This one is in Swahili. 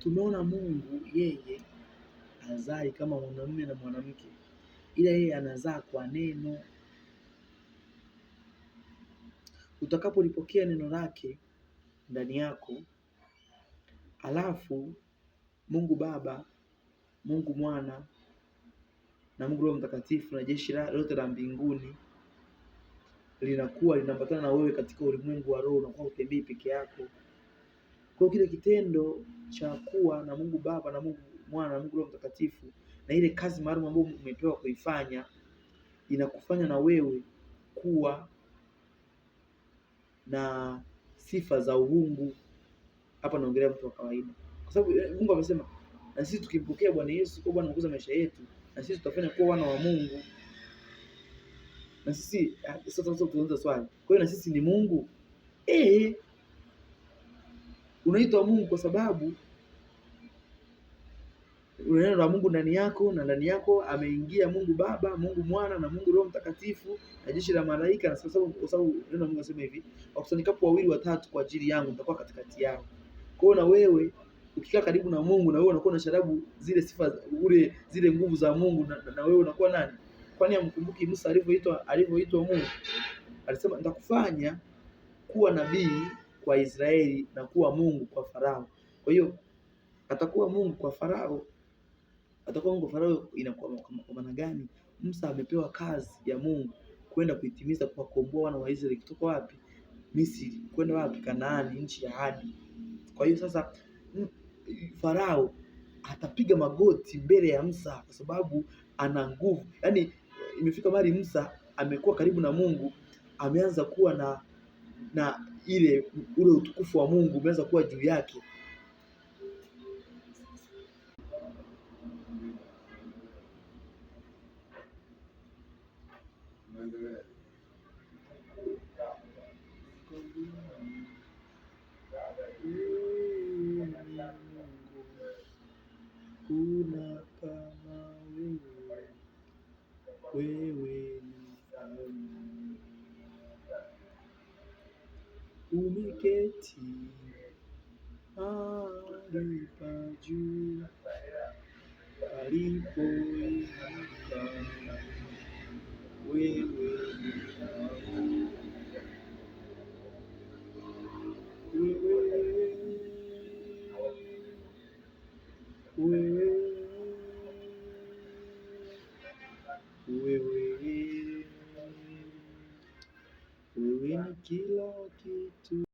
Tumeona Mungu yeye azai kama mwanamume na mwanamke, ila yeye anazaa kwa neno. Utakapolipokea neno lake ndani yako, alafu Mungu Baba, Mungu Mwana na Mungu Roho Mtakatifu na jeshi lote la mbinguni linakuwa linaambatana na wewe katika ulimwengu wa roho, unakuwa utembei peke yako. Kwa kile kitendo cha kuwa na Mungu Baba na Mungu Mwana na Mungu Roho Mtakatifu na ile kazi maalum ambayo umepewa kuifanya inakufanya na wewe kuwa na sifa za uungu. Hapa naongelea mtu wa kawaida, kwa sababu eh, Mungu amesema na sisi tukimpokea Bwana Yesu kwa Bwana mwokozi maisha yetu, na sisi tutafanya kuwa wana wa Mungu. Na sisi ah, sasa tunauliza swali, kwa hiyo na sisi ni Mungu eh? unaitwa Mungu kwa sababu neno la Mungu ndani yako na ndani yako ameingia Mungu Baba, Mungu Mwana na Mungu Roho Mtakatifu na jeshi la malaika, na kwa sababu neno la Mungu nasema hivi, wakusanyikapo wawili watatu kwa ajili yangu nitakuwa katikati yao. Kwa hiyo na wewe ukikaa karibu na Mungu na wewe unakuwa sharabu zile sifa ule zile nguvu za Mungu na, na wewe unakuwa nani? Kwani amkumbuki Musa alivyoitwa alivyoitwa Mungu, alisema nitakufanya kuwa nabii kwa Israeli na kuwa Mungu kwa Farao. Kwa hiyo atakuwa Mungu kwa Farao, atakuwa Mungu kwa Farao. Inakuwa kwa maana gani? Musa amepewa kazi ya Mungu kwenda kuitimiza, kuwakomboa wana wa Israeli kutoka wapi? Misri, kwenda wapi? Kanaani, nchi ya ahadi. Kwa hiyo sasa Farao atapiga magoti mbele ya Musa kwa sababu ana nguvu. Yaani imefika mahali Musa amekuwa karibu na Mungu, ameanza kuwa na na ile ule utukufu wa Mungu umeanza kuwa juu yake. Kuna kama wewe wewe umeketi mahali pa juu palipoinuka, wewe ni Mungu. wewe wewe lucky, lucky